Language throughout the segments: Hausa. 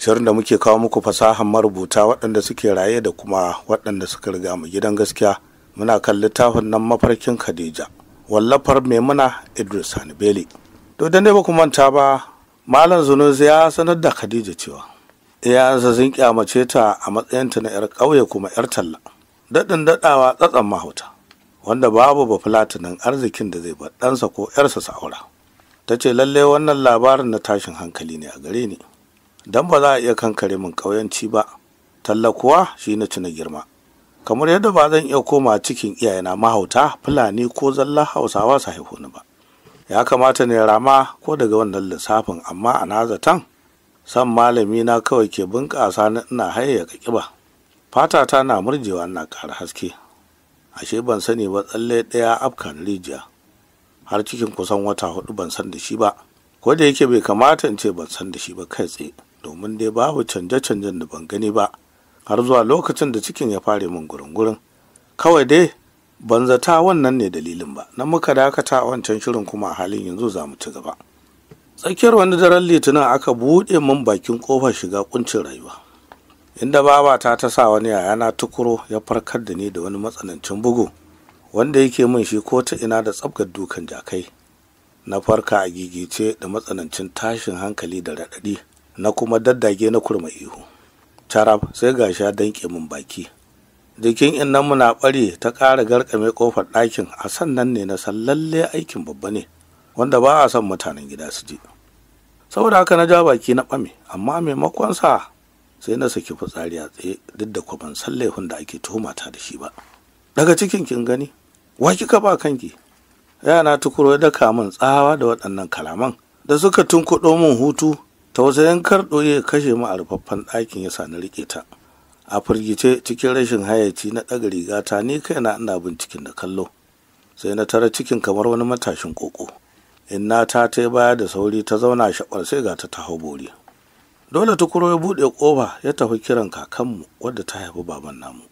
shirin da muke kawo muku fasahan marubuta waɗanda suke raye da kuma waɗanda suka riga mu gidan gaskiya muna kan littafin nan mafarkin khadija wallafar maimuna idris hanbeli to da ne ba ku manta ba malam zunuzi ya sanar da khadija cewa iyayensa sun kyamace ta a matsayinta na yar ƙauye kuma yar talla daɗin daɗawa tsatsan mahauta wanda babu ba filatinin arzikin da zai ɗansa ko yarsa aura ta ce lallai wannan labarin na tashin hankali ne a gare ni don ba za a iya kankare min ƙauyanci ba talla shi na tuna girma kamar yadda ba zan iya koma cikin iyayena mahauta fulani ko zalla hausawa su haihu ni ba ya kamata ne rama ko daga wannan lissafin amma a nazatan san malami na kawai ke bunƙasa na ina haye ƙiba ta na murjewa na ƙara haske ashe ban sani ba tsalle ɗaya afkan rijiya har cikin kusan wata hudu ban san da shi ba ko da yake bai kamata in ce ban san da shi ba kai tsaye domin dai babu canje-canjen da ban gani ba har zuwa lokacin da cikin ya fare min gurin-gurin kawai dai ban zata wannan ne dalilin ba na muka dakata a wancan shirin kuma a halin yanzu za mu ci gaba tsakiyar wani daren litinin aka buɗe min bakin ƙofar shiga ƙuncin rayuwa inda babata ta sa wani yayana tukuro ya farkar da ni da wani matsanancin bugu wanda yake min shi ko ta ina da tsabgar dukan jakai na farka a gigice da matsanancin tashin hankali da raɗaɗi na kuma daddage na kurma ihu carab sai ga sha danke min baki jikin innan mu na bare ta ƙara garkame kofar ɗakin a sannan ne na san lalle aikin babba ne wanda ba a son mutanen gida su ji saboda haka na ja baki na ɓame amma maimakon sa sai na saki fitsari a tsaye duk da kuma san laifin da ake tuhumata da shi ba daga cikin kin gani wa kika ba kanki yana tukuro da kamun tsawa da waɗannan kalaman da suka tunkuɗo min hutu tausayin karɗo ya kashe mu a ɗakin yasa na riƙe ta a firgice cikin rashin hayaci na ɗaga riga ta ni kaina ina binciken da kallo sai na tara cikin kamar wani matashin koko inna ta ta baya da sauri ta zauna shaɓar sai ga ta ta hau bori dole tukuro ya buɗe ƙofa ya tafi kiran kakanmu wadda ta haifi baban namu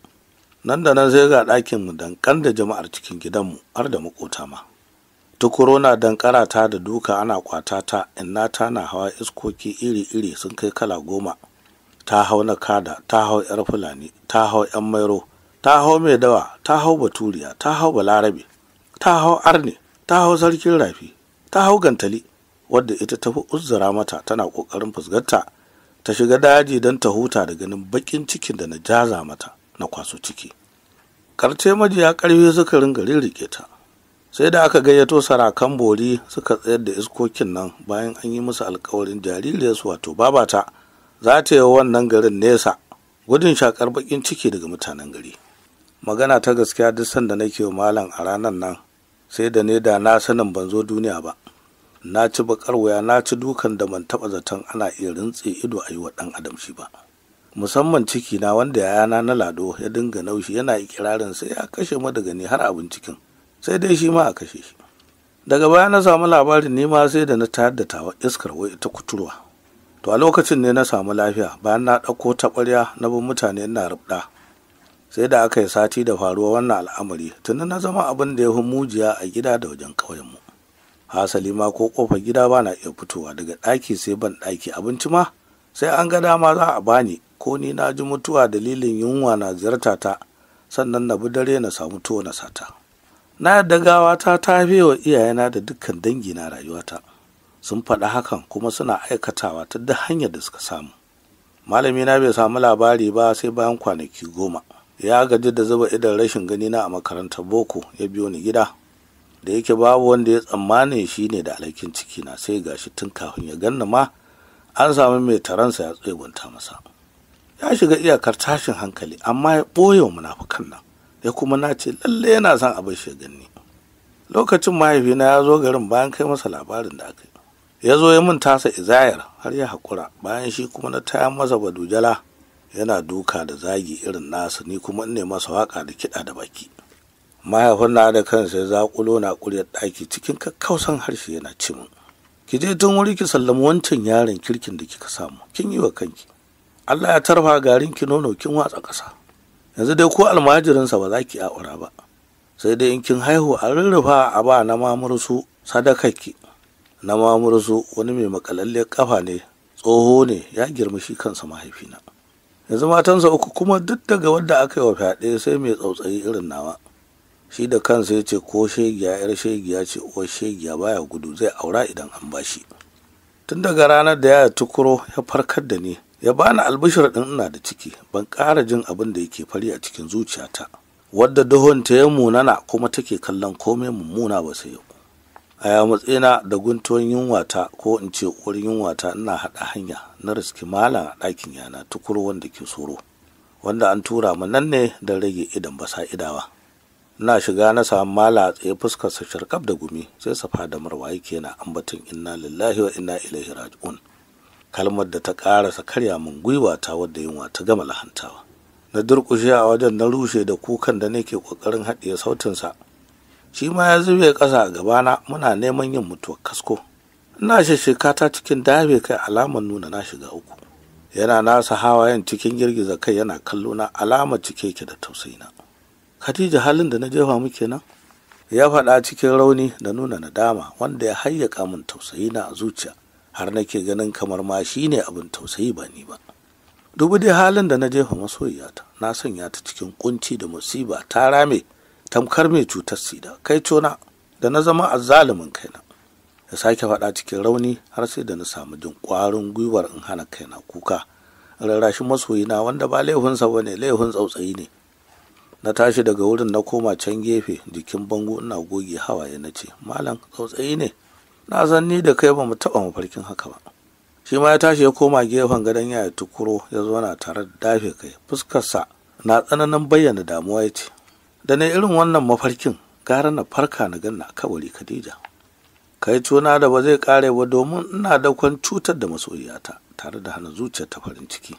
nan da nan sai ga ɗakinmu dankan da jama'ar cikin gidanmu har da makota ma tukuro na dankara ta da duka ana kwata ta inna ta na hawa iskoki iri-iri sun kai kala goma ta hau na kada ta hau yar fulani ta hau yan mairo ta hau mai dawa ta hau baturiya ta hau balarabe ta hau arne ta hau sarkin rafi ta hau gantali wadda ita ta fi uzzura mata tana ƙoƙarin fusgarta ta shiga daji don ta huta da ganin baƙin cikin da na jaza mata na kwaso ciki karce majiya ƙarfi suka ringa rirriƙe ta sai da aka gayyato sarakan bori suka tsayar da iskokin nan bayan an yi musu alkawarin jaririyarsu wato babata za ta yi wannan garin nesa gudun shakar bakin ciki daga mutanen gari magana ta gaskiya duk sanda nake wa malam a ranar nan sai da ne da na sanin ban zo duniya ba na ci bakar waya na ci dukan da ban taba zaton ana iya rintse ido a yi wa dan adam shi ba musamman ciki na wanda yayana na lado ya dinga naushi yana ikirarin sai ya kashe mu daga ni har abin cikin sai dai shi ma a kashe shi daga baya na samu labarin ni ma sai da na tayar da tawa iskar wai ita kuturwa to a lokacin ne na samu lafiya bayan na ɗauko taɓarya na bin mutane ina rubɗa. sai da aka yi sati da faruwa wannan al'amari tuni na zama abin da ya fi mujiya a gida da wajen ƙauyenmu hasali ma ko ƙofar gida ba na iya fitowa daga ɗaki sai ban ɗaki abinci ma sai an ga dama za a bani ko ni na ji mutuwa dalilin yunwa na ziyarta ta sannan na bi dare na samu tuwo na sata na da gawata ta wa iyayena da dukkan dangi na rayuwata sun faɗi hakan kuma suna aikatawa ta duk hanyar da suka samu malami na bai samu labari ba sai bayan kwanaki goma ya gaji da zuba idan rashin gani na a makarantar boko ya biyo ni gida da yake babu wanda ya tsammani shi ne da alhakin ciki na sai gashi tun kafin ya ganna ma an samu mai taransa ya tsegunta masa ya shiga iyakar tashin hankali amma ya ɓoye wa munafukan nan da kuma na ce lalle yana son abin shi gani lokacin mahaifina ya zo garin bayan kai masa labarin da aka yi ya zo ya mun tasa izayar har ya haƙura bayan shi kuma na taya masa badujala yana duka da zagi irin nasu ni kuma in ne masa waka da kiɗa da baki mahaifin na da kansa ya zaƙulo na ƙuryar ɗaki cikin kakkausan harshe yana ce mu ki je tun wuri ki sallami wancan yaron kirkin da kika samu kin yi wa kanki Allah ya tarfa garin ki nono kin watsa ƙasa yanzu dai ko almajirinsa ba za ki aura ba sai dai in kin haihu a rurrufa a ba na mamursu sadakaki na mamursu wani mai makalalle kafa ne tsoho ne ya girma shi kansa mahaifina yanzu matansa uku kuma duk daga wadda aka yi wa fyaɗe sai mai tsautsayi irin nawa shi da kansa ya ce ko shegiya yar shegiya ce uwar shegiya baya gudu zai aura idan an bashi tun daga ranar da ya tukuro ya farkar da ni ya bani albishir ɗin ina da ciki ban ƙara jin abin da yake fari a cikin zuciyata wadda duhun ta ya munana kuma take kallon komai mummuna ba sai yau Aya, ya matsayina da guntuwan yunwata ko in ce uwar yunwata ina haɗa hanya na riski mala, a ɗakin yana tukuru wanda ke soro wanda an tura mu nan ne da rage idan basa idawa ina shiga na samu mala a tsaye fuskarsa sharkaf da gumi sai safa da marwa yake na ambaton inna lillahi wa inna ilaihi raji'un kalmar da ta karasa karya min gwiwa ta wadda yunwa ta gama lahantawa na durkushe a wajen na rushe da kukan da nake kokarin haɗiye sautinsa shi ma ya zube ƙasa a gabana muna neman yin mutuwar kasko ina shishika ta cikin dabe kai alamar nuna na shiga uku yana nasa hawayen cikin girgiza kai yana kallo na alamar cike ke da tausayina khadija halin da na jefa mu kenan ya faɗa cikin rauni da nuna nadama wanda ya hayyaka min tausayina a zuciya har nake ganin kamar ma shi ne abin tausayi ba ni ba dubu dai halin da na jefa masoyiyata na sanya ta cikin kunci da musiba ta rame tamkar mai cutar sida kai cona da na zama azzalumin kaina ya sake faɗa cikin rauni har sai da na samu jin ƙwarin gwiwar in hana kaina kuka rarrashi masoyina wanda ba laifinsa ba ne laifin tsautsayi ne na tashi daga wurin na koma can gefe jikin bango ina goge hawaye na ce malam tsautsayi ne na san ni da kai ba mu taɓa mafarkin haka ba shi ma ya tashi ya koma gefen gadon ya tukuro ya zo na tare da dafe kai fuskarsa na tsananin bayyana damuwa ya ce da na irin wannan mafarkin gara na farka na ganna kabari khadija kai tuna da ba zai kare ba domin ina dakon cutar da masoyiyata tare da hana zuciyar ta farin ciki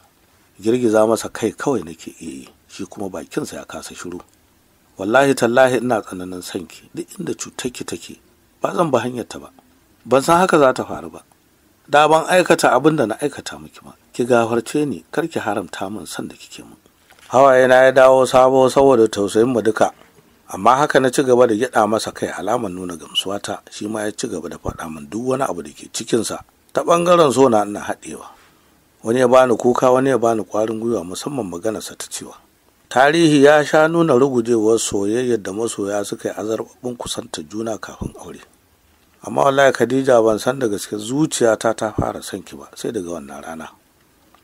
girgiza masa kai kawai nake iya yi shi kuma bakinsa ya kasa shiru wallahi tallahi ina tsananin sanki duk inda cutarki take ba zan ba hanyarta ba ban san haka za ta faru ba da ban aikata abin da na aikata miki ba ki gafarce ni kar ki haramta min san da kike min hawaye na ya dawo sabo saboda tausayin mu duka amma haka na ci gaba da gyada masa kai alamar nuna gamsuwa ta shi ma ya ci gaba da faɗa min duk wani abu da ke cikin sa ta ɓangaren so na ina haɗewa wani ya bani kuka wani ya bani kwarin gwiwa musamman sa ta cewa tarihi ya sha nuna rugujewar soyayyar da masoya suka yi azarbabin kusanta juna kafin aure amma wallahi khadija ban san da gaske zuciyata ta fara son ki ba sai daga wannan rana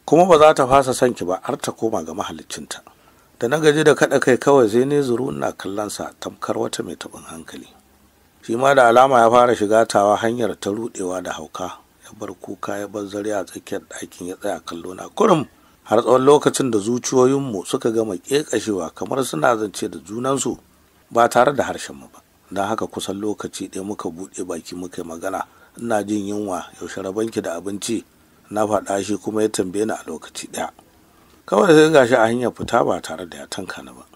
kuma ba za ta fasa son ki ba har ta koma ga mahaliccinta da na gaji da kaɗa kai kawai sai ne zuru ina kallon sa tamkar wata mai tabin hankali shi ma da alama ya fara shiga tawa hanyar ta ruɗewa da hauka ya bar kuka ya bar zare a tsakiyar ɗakin ya tsaya kallo na kurum har tsawon lokacin da zuciyoyinmu suka gama ƙeƙashewa kamar suna zance da junansu ba tare da harshenmu ba don haka kusan lokaci ɗaya muka buɗe baki muka magana ina jin yunwa yaushe rabanki da abinci na faɗa shi kuma ya tambaye ni a lokaci ɗaya kawai sai ga shi a hanyar fita ba tare da ya tanka ni ba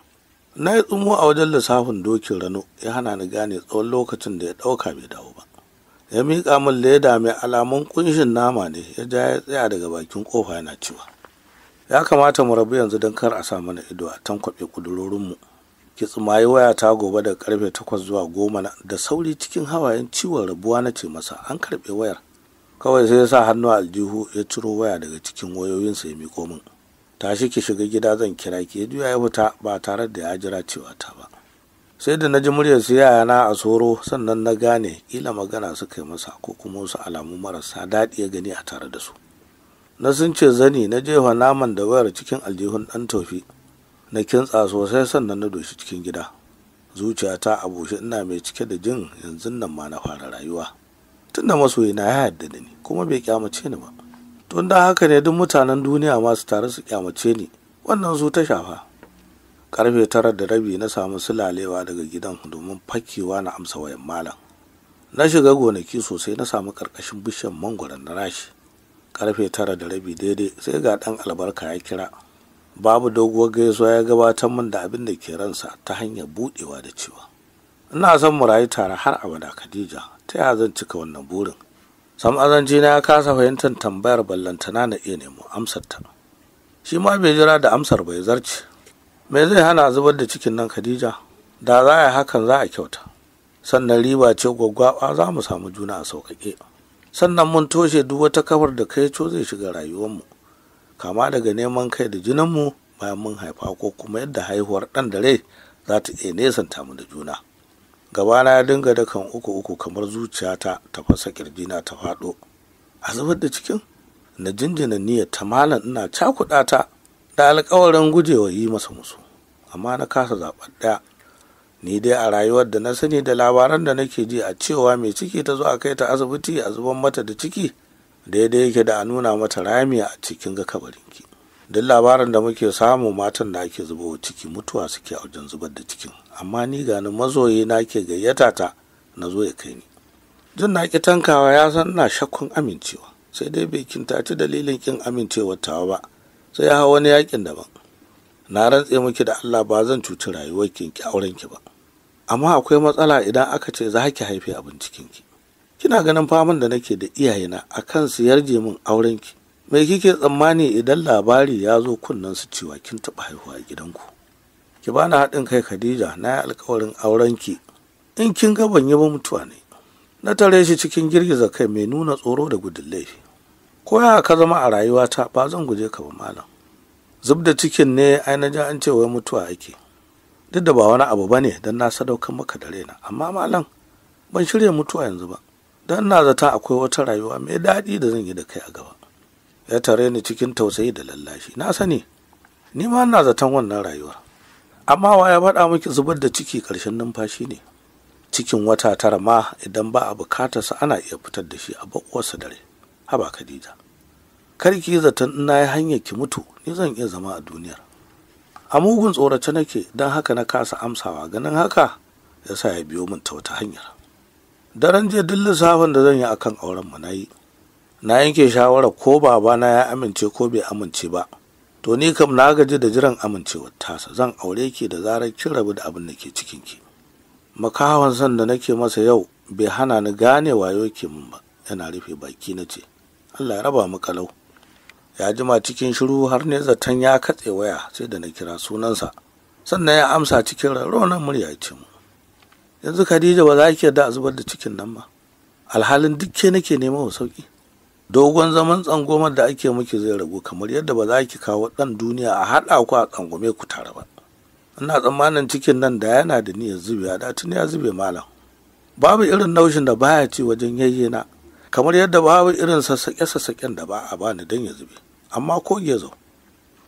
na yi tsumo a wajen lissafin dokin rano ya hana ni gane tsawon lokacin da ya ɗauka bai dawo ba ya miƙa min leda mai alamun ƙunshin nama ne ya ja ya tsaya daga bakin ƙofa yana cewa ya kamata mu rabu yanzu don kar a sa mana ido a tankwaɓe ƙudurorinmu ki waya wayata gobe da karfe takwas zuwa goma da sauri cikin hawayen ciwon rabuwa na ce masa an karɓi wayar kawai sai ya sa hannu a aljihu ya ciro waya daga cikin wayoyinsa ya miko min tashi ki shiga gida zan kira ki ya juya ya fita ba tare da ya jira cewa ta ba sai da na ji muryar su yayana a soro sannan na gane kila magana suka yi masa ko kuma wasu alamu marasa daɗi ya gani a tare da su na sun ce zani na jefa naman da wayar cikin aljihun ɗan tofi na kintsa sosai sannan na doshi cikin gida zuciyata a bushe ina mai cike da jin yanzu nan ma na fara rayuwa Tun da masoyina ya yarda da ni kuma bai kyamace ni ba tun da haka ne duk mutanen duniya ma su tare su kyamace ni wannan su ta shafa karfe tara da rabi na samu sulalewa daga gidan domin fakewa na amsa wayan malam na shiga gonaki sosai na samu karkashin bishiyar mangwaron na rashi karfe tara da rabi daidai sai ga dan albarka ya kira babu doguwar gaisuwa ya gabatar min da abin da ke ransa ta hanyar budewa da cewa ina son mu rayu tare har abada khadija ta yaya zan cika wannan burin sam azanci na ya kasa fahimtar tambayar ballantana na iya nemo amsar ta shi ma bai jira da amsar bai zarce me zai hana zubar da cikin nan khadija da za a yi hakan za a kyauta sannan riba ce gwaggwaɓa za mu samu juna a sauƙaƙe sannan mun toshe duk wata kafar da kai zai shiga rayuwarmu kama daga neman kai da junanmu bayan mun haifa ko kuma yadda haihuwar ɗan da rai za ta iya nesanta mu da juna gabana ya dinga da kan uku uku kamar zuciyata ta fasa kirjina ta faɗo a zubar da cikin na jinjina niyyar ta malam ina cakuɗa ta da alkawarin gujewa yi masa musu amma na kasa zaɓar ɗaya ni dai a rayuwar da na sani da labaran da nake ji a cewa mai ciki ta zo a kai ta asibiti a zuban mata da ciki daidai yake da a nuna mata rami a cikin ga kabarinki duk labarin da muke samu matan da ake zuba wa ciki mutuwa suke a wajen zubar da cikin amma ni gani mazoyi na ke gayyata ta na zo ya kai ni jin na tankawa ya san na shakkun amincewa sai dai bai kintaci dalilin kin amincewar tawa ba sai ya hau wani yakin daban na rantse miki da Allah ba zan cuci rayuwar ki auren ki ba amma akwai matsala idan aka ce za ki haife abin cikinki. ki kina ganin faman da nake da iyayena a kan su yarje min aurenki me kike tsammani idan labari ya zo kunnen su cewa kin taɓa haihuwa a gidanku ki bani haɗin kai khadija na yi alkawarin aurenki in kin ga ban yi ba mutuwa ne na tare shi cikin girgiza kai mai nuna tsoro da gudun laifi ko ya ka zama a rayuwata ba zan guje ka ba malam zub da cikin ne ai na ji an ce wai mutuwa ake duk da ba wani abu bane dan na sadaukar maka da raina amma malam ban shirya mutuwa yanzu ba don na zata akwai wata rayuwa mai daɗi da zan yi da kai a gaba ya tare ni cikin tausayi da lallashi na sani ni ma na zaton wannan rayuwar amma wa ya faɗa miki zubar da ciki ƙarshen numfashi ne cikin wata tara ma idan ba a sa, ana iya fitar da shi a bakuwarsa dare haba khadija karki zaton ina yi hanyar ki mutu ni zan iya zama a duniyar a mugun tsorace nake don haka na kasa amsawa ganin haka yasa ya biyo min ta wata hanyar daren jiya duk lissafin da zan yi akan auren mu na yi na yanke shawarar ko babana ya amince ko bai amince ba to ni kam na gaji da jiran amincewar tasa zan aure ki da zarar kin rabu da abin da ke cikin ki makawan san da nake masa yau bai hana ni gane wayo ke min ba yana rufe baki na ce Allah ya raba mu kalau ya jima cikin shiru har ne zaton ya katse waya sai da na kira sunansa sannan ya amsa cikin rarraunar murya ya ce mu yanzu khadija ba za ki yarda a zubar da cikin nan ba alhalin duk ke nake nema wa sauki dogon zaman tsangomar da ake miki zai ragu kamar yadda ba za ki kawo ɗan duniya a haɗa ku a tsangome ku tare ba ina tsammanin cikin nan da yana da niyyar zubewa da tuni ya zube malam babu irin naushin da baya ci wajen yayye na kamar yadda babu irin sassaƙe-sassaƙen da ba a bani dan ya zube amma ko zo.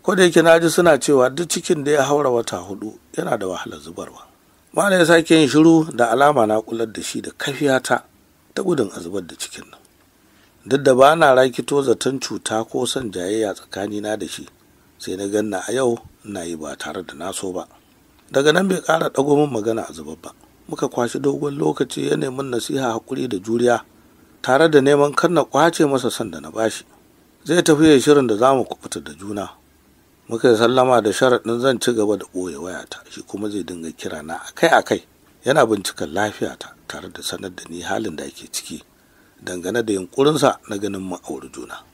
ko da yake na ji suna cewa duk cikin da ya haura wata hudu yana da wahalar zubarwa Malam ya sake yin shiru da alama na kular da shi da kafiyata ta gudun azubar da cikin nan. Duk da ba na rakito zaton cuta ko son jayayya tsakani na da shi sai na ganna a yau na yi ba tare da na so ba. Daga nan bai ƙara ɗago min magana a zubar ba. Muka kwashi dogon lokaci ya neman nasiha hakuri da juriya tare da neman kanna na kwace masa son da na bashi. Zai tafi ya shirin da za mu kuɓuta da juna. muka yi sallama da sharaɗin zan ci gaba da ɓoye wayata shi kuma zai dinga kira na akai-akai yana binciken lafiyata tare da sanar da ni halin da ake ciki dangane da yunƙurinsa na ganin mu auri juna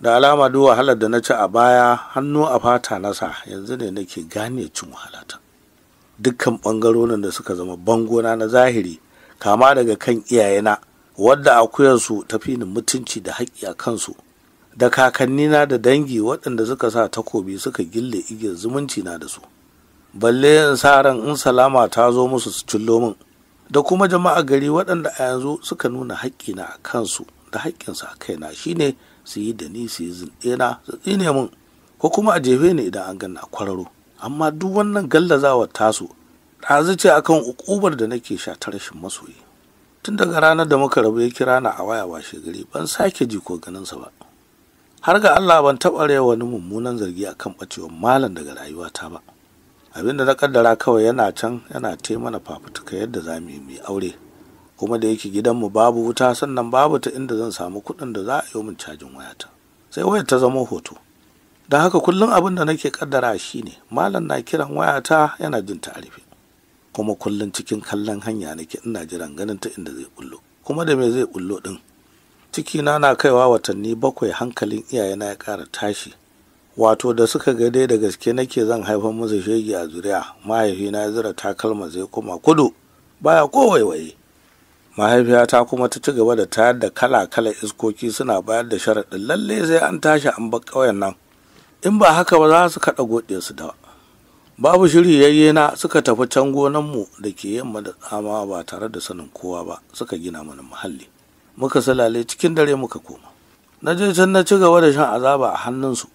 da alama duk wahalar da na ci a baya hannu a fata nasa yanzu ne nake gane cin wahalata dukkan ɓangarorin da suka zama bangona na zahiri kama daga kan iyayena wadda akuyarsu fi ni mutunci da haƙƙi a kansu da kakanni na da dangi waɗanda suka sa takobi suka gille igiyar zumunci na da su balle in sa ran in salama ta zo musu su cillo min da kuma jama'a gari waɗanda a yanzu suka nuna na a kansu da haƙƙinsu a kaina shine su yi da ni su yi na su tsine min ko kuma a jefe ni idan an gana kwararo amma duk wannan gallazawa tasu ɗazu ce akan ukubar da nake sha ta rashin masoyi tun daga ranar da muka rabu ya kira na a waya washe gari ban sake ji ko ganinsa ba har ga allah ban taɓa rewa wani mummunan zargi akan ɓacewar malam daga rayuwata ba abin da na kaddara kawai yana can yana te mana fafutuka yadda za mu yi aure kuma da yake gidanmu babu wuta sannan babu ta inda zan samu kuɗin da za a yi min cajin wayata sai wayar ta zama hoto don haka kullum abin da nake kaddara shine malam na kiran wayata yana jin ta arife kuma kullum cikin kallon hanya nake ina jiran ganin ta inda zai bullo kuma da me zai bullo din cikina na kaiwa watanni bakwai hankalin iyayena ya ƙara tashi wato da suka ga dai da gaske nake zan haifar musu shegi a zuriya mahaifina ya zira takalma zai kuma kudu baya ko waiwaye mahaifiyata kuma ta ci gaba da tayar da kala-kala iskoki suna bayar da sharaɗin lalle sai an tashi an bar ƙauyen nan in ba haka ba za su kaɗa goɗe su da babu shiri yayye na suka tafi can mu da ke yamma da tsama ba tare da sanin kowa ba suka gina mana muhalli muka salale cikin dare muka koma na je can na ci gaba da shan azaba a hannunsu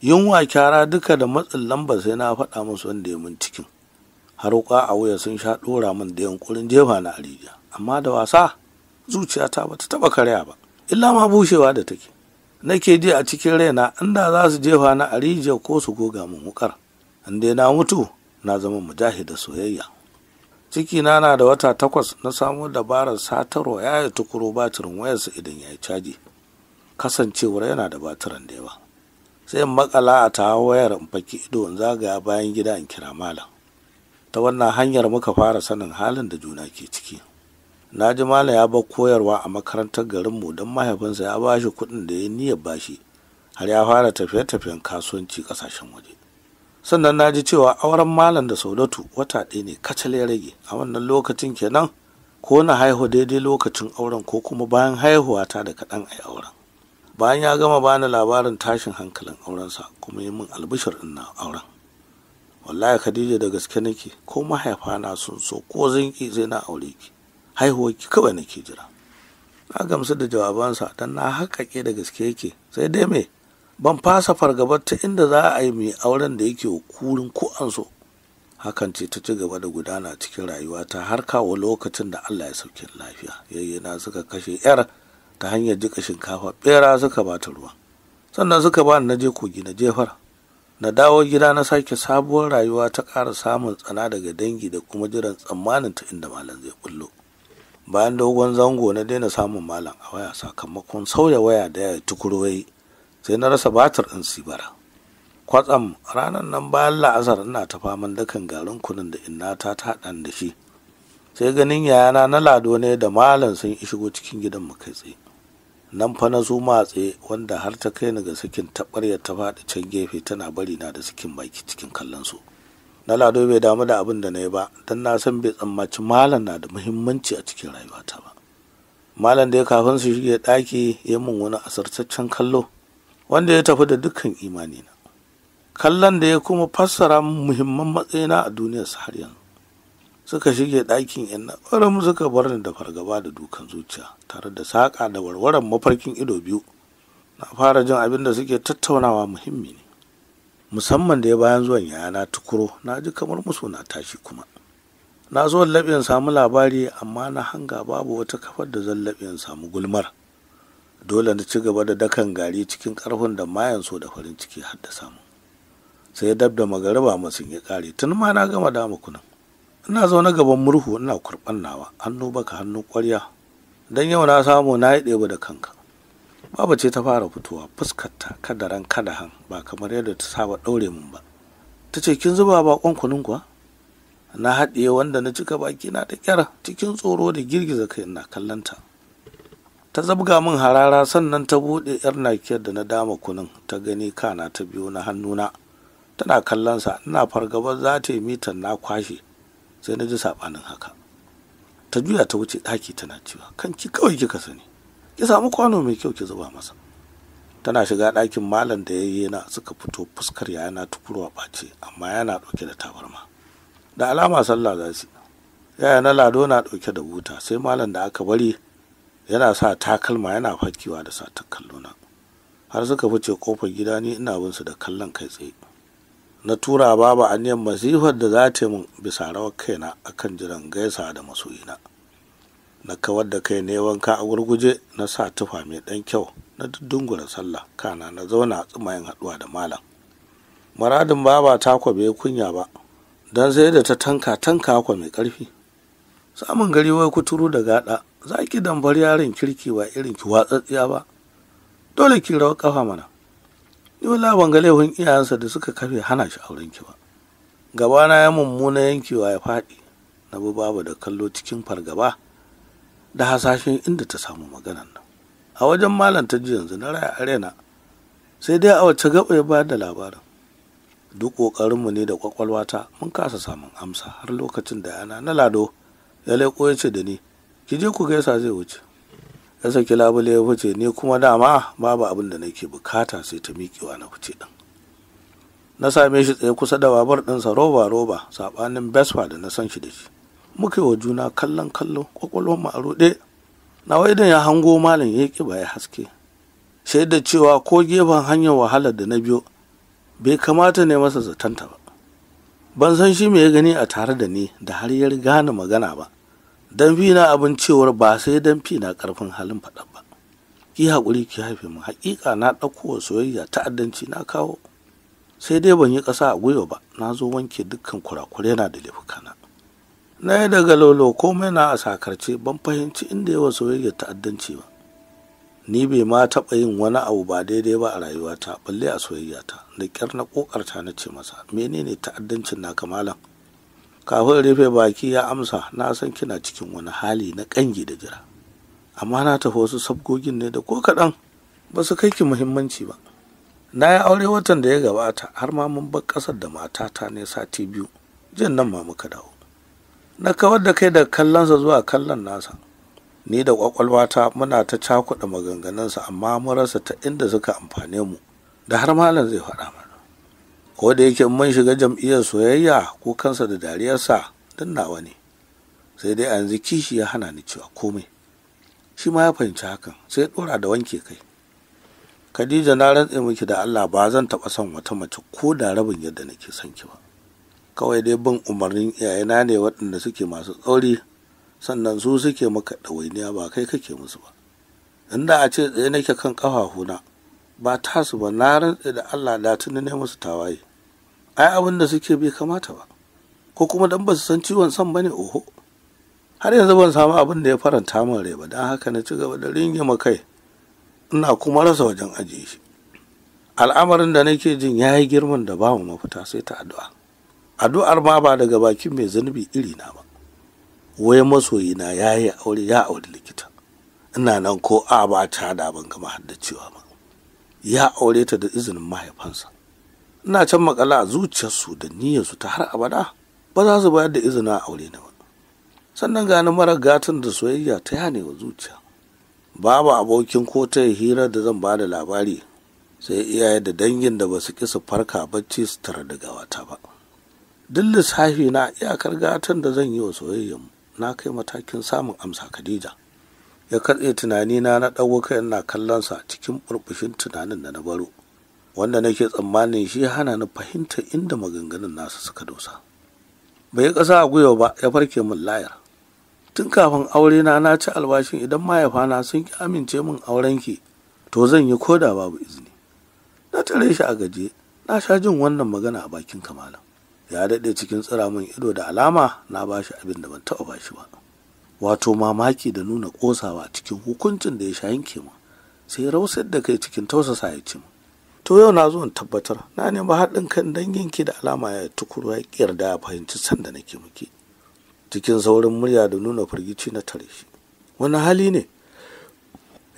yunwa kyara duka da matsin lamba sai na faɗa musu wanda ya mun cikin har a wuya sun sha ɗora min da yunkurin jefa na arijiya amma da wasa zuciyata bata taɓa karya ba illa ma bushewa da take nake ji a cikin raina inda za su jefa na arijiya ko su goga min wukar inda na mutu na zama mujahida soyayya cikina na da wata takwas na samo dabarar satarwa ya yi tukuro batirin wayarsa idan ya yi caji kasancewar yana da batiran da yawa sai in makala a ta wayar in faki ido in zagaya bayan gida in kira malam ta wannan hanyar muka fara sanin halin da juna ke ciki na ji malam ya bar koyarwa a makarantar garinmu don mahaifinsa ya ba shi kuɗin da ya niyyar bashi har ya fara tafiye-tafiyen kasuwanci ƙasashen waje sannan na ji cewa auren malam da saudatu wata ɗaya ne kacal ya rage a wannan lokacin kenan ko na haihu daidai lokacin auren ko kuma bayan haihuwa ta da kaɗan a auren bayan ya gama bani labarin tashin hankalin aurensa kuma yi min albishir in na auren wallahi khadija da gaske nake ko mahaifana sun so ko zan ki na aure ki haihuwar ki kawai nake jira na gamsu da jawabansa dan na haƙaƙe da gaske yake sai dai me ban fasa fargabar ta inda za a yi mai auren da yake kurin ko an so hakan ce ta ci gaba da gudana cikin rayuwa ta har kawo lokacin da allah ya sauke lafiya yayyana suka kashe yar ta hanyar jika shinkafa bera suka ba ta ruwa sannan suka ba na je kogi na jefar na dawo gida na sake sabuwar rayuwa ta ƙara samun tsana daga dangi da kuma jiran tsammanin ta inda malam zai bullo bayan dogon zango na daina samun malam a waya sakamakon sauya waya da ya tukuro yayi sai na rasa batir ɗin sibara kwatsam ranar nan bayan la'asar ina ta faman dakan garin kunin da inna ta taɗan da shi sai ganin yayana na lado ne da malam sun yi shigo cikin gidan mu kai tsaye nan fa na zuma matse wanda har ta kai ni ga sakin taɓarya ta faɗi can gefe tana bari na da sakin baki cikin kallon su na lado bai damu da abin da na yi ba don na san bai tsammaci malam na da muhimmanci a cikin rayuwata ba malam da ya kafin su shige ɗaki ya min wani asartaccen kallo wanda ya tafi da dukkan imanina kallon da ya kuma fassara muhimman matsayina a su har yanzu suka shige ɗakin yan na'urar suka bar ni da fargaba da dukan zuciya tare da saƙa da warwaran mafarkin ido biyu na fara jin abin da suke tattaunawa muhimmi ne musamman da ya bayan zuwan yana tukuro na ji kamar musu na tashi kuma na zo laɓin samu labari amma na hanga babu wata kafar da zan laɓin samu gulmar dole na ci gaba da dakan gari cikin ƙarfin da mayan so da farin ciki har da samu sai dab da magariba masu ya ƙare tun ma na gama dama kunan ina zaune gaban murhu ina kurɓan nawa hannu baka hannu ƙwarya don yau na samu na yi ɗeba da kanka baba ce ta fara fitowa fuskarta kada ran kada han ba kamar yadda ta saba ɗaure min ba ta ce kin zuba bakon kunun kuwa na haɗiye wanda na cika baki na da kyara cikin tsoro da girgiza kai ina kallanta ta zabga min harara sannan ta buɗe yar nakiyar da na dama kunin ta gani kana ta biyo na hannuna tana kallonsa ina fargabar za ta yi mitan na kwashe sai na ji saɓanin haka ta juya ta wuce ɗaki tana cewa kan ki kawai kika sani ki samu kwano mai kyau ki zuba masa tana shiga ɗakin malam da yayye na suka fito fuskar yana tukurwa ɓace amma yana ɗauke da tabarma da alama sallah za su yaya na lado na ɗauke da buta sai malam da aka bari yana sa takalma yana fakewa da satar kallona har suka fice kofar gida ni ina bin su da kallon kai tsaye na tura babu baba aniyan masifar da za ta mun bisa rawar kaina akan jiran gaisa da masoyina na kawar da kai ne wanka a gurguje na sa tufa mai ɗan kyau na dungura sallah kana na zauna a tsumayen haɗuwa da malam muradin baba ta kwabe kunya ba don sai da ta tanka tanka kwa mai karfi samun gari wai kuturu da gaɗa za ki dambar yaron kirki ba irin ki watsatsiya ba dole ki rawa kafa mana ni wala ban ga laifin iyayensa da suka kafe hana shi auren ki ba gabana ya mummuna yankewa ya faɗi na bi babu da kallo cikin fargaba da hasashen inda ta samu maganan nan a wajen malam ta ji yanzu na raya arena sai dai a wacce gaɓa ya bayar da labarin duk ƙoƙarinmu ne da ƙwaƙwalwata mun kasa samun amsa har lokacin da yana na lado ya ko ya ce da ni ki je ku gaisa zai wuce ya saki labule ya wuce ni kuma dama babu abin da nake bukata sai ta miƙewa na fice ɗin na same shi tsaye kusa da babar ɗinsa roba roba saɓanin besfa da na san shi da shi muka wa juna kallon kallo kwakwalwar mu a ruɗe na idan ya hango malam ya ƙi ba ya haske shaidar cewa ko gefen hanyar wahalar da na biyo bai kamata ne masa zatanta ba ban san shi me ya gani a tare da ni da har ya gane magana ba don fi na abin cewar ba sai don fi na karfin halin faɗa ba ki haƙuri ki haife mu haƙiƙa na ɗaukowa soyayya ta'addanci na kawo sai dai ban yi ƙasa a gwiwa ba na zo wanke dukkan kurakure na da laifuka na yi daga lolo komai na a sakarce ban fahimci inda yawa soyayya ta'addanci ba ni bai ma taɓa yin wani abu ba daidai ba a rayuwata balle a soyayyata da ƙyar na ƙoƙarta na ce masa menene ta'addancin na kamalan kafin rufe baki ya amsa na san kina cikin wani hali na kangi da jira amma na tafi wasu sabgogin ne da ko kaɗan ba su kai ki muhimmanci ba na yi aure watan da ya gabata har ma mun bar ƙasar da matata ne sati biyu jin nan ma muka dawo na kawar da kai da kallonsa zuwa kallon nasa ni da ƙwaƙwalwata muna ta cakuɗa maganganunsa amma mun rasa ta inda suka amfane mu da har malam zai faɗa mana ko da yake mun shiga jam'iyyar soyayya ko kansa da dariyarsa don nawa ne sai dai a yanzu kishi ya hana ni cewa komai shi ma ya fahimci hakan sai ya dora da wanke kai khadija na rantse miki da allah ba zan taɓa son wata mace ko da rabin yadda nake son ki ba kawai dai bin umarnin iyayena ne waɗanda suke masu tsauri sannan su suke maka ɗawainiya ba kai kake musu ba inda a ce tsaye nake kan ƙafafuna ba tasu ba na rantse da allah da tuni ne musu tawaye ai abin da suke bai kamata ba ko kuma dan ba su san ciwon san bane oho har yanzu ban samu abin da ya faranta min rai ba dan haka na ci gaba da ringima kai ina kuma rasa wajen ajiye shi al'amarin da nake jin ya yi girman da ba mu mafita sai ta addu'a addu'ar ma ba daga bakin mai zunubi iri na ba wai masoyina ya yi aure ya auri likita ina nan ko a ba ta da ban gama haddacewa ba ya aure ta da izinin mahaifansa ina can makala a zuciyarsu da niyyarsu ta har abada ba za su bayar da izina a aure na ba sannan gani mara gatan da soyayya ta yane wa zuciya babu abokin ko ta hira da zan ba da labari sai iyaye da dangin da ba su ki su farka bacci su tara da gawata ba duk lissafi na iyakar gatan da zan yi wa soyayyan na kai matakin samun amsa khadija ya katse tunani na ɗago kai ina kallonsa cikin burbushin tunanin da na baro wanda nake tsammanin shi hana ni fahimtar inda maganganun nasu suka dosa bai yi ƙasa a gwiwa ba ya farke min layar tun kafin aure na na ci albashin idan mahaifana sun ki amince min aurenki to zan yi koda babu izini na tare shi a gaje na sha jin wannan magana a bakin kamala ya daɗe cikin tsira min ido da alama na ba shi abin da ban taɓa ba shi ba wato mamaki da nuna ƙosawa cikin hukuncin da ya sha yanke mu sai rausar da kai cikin tausasa ya ce mu to yau na zo in tabbatar na nemi haɗin kan danginki da alama ya tukuru ya yarda ya fahimci sanda nake muke. cikin saurin murya da nuna firgici na tare shi wani hali ne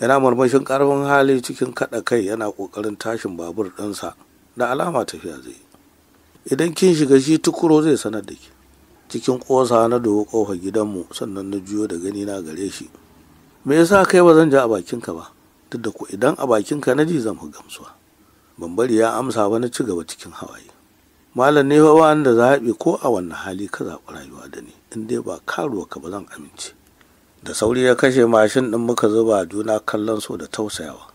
yana marmashin karfin hali cikin kaɗa kai yana ƙoƙarin tashin babur ɗansa da alama tafiya zai yi. idan kin shiga shi tukuru zai sanar da ke cikin ƙosa na dogo ƙofar gidanmu sannan na juyo da gani na gare shi me yasa kai ba zan ja a bakinka ba duk da ku idan a bakinka na ji zan fi gamsuwa ban bari ya amsa ba na ci gaba cikin hawaye malam ne fa ba da zaɓi ko a wannan hali ka zaɓi rayuwa da ni in dai ba karuwa ka ba zan amince da sauri ya kashe mashin ɗin muka zuba juna kallon so da tausayawa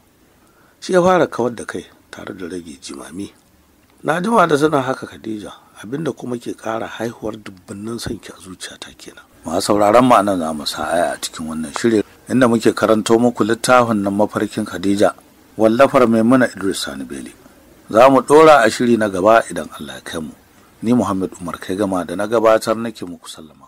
shi ya fara kawar da kai tare da rage jimami na jima da sanin haka khadija abinda kuma ke ƙara haihuwar dubbannin sanki a zuciyata kenan masu sauraron ma'anar za mu sa aya a cikin wannan shirin inda muke karanto muku littafin nan mafarkin khadija wallafar maimuna idris sani beli za mu ɗora a shiri na gaba idan allah ya kai mu ni muhammad umar kai gama da na gabatar nake muku sallama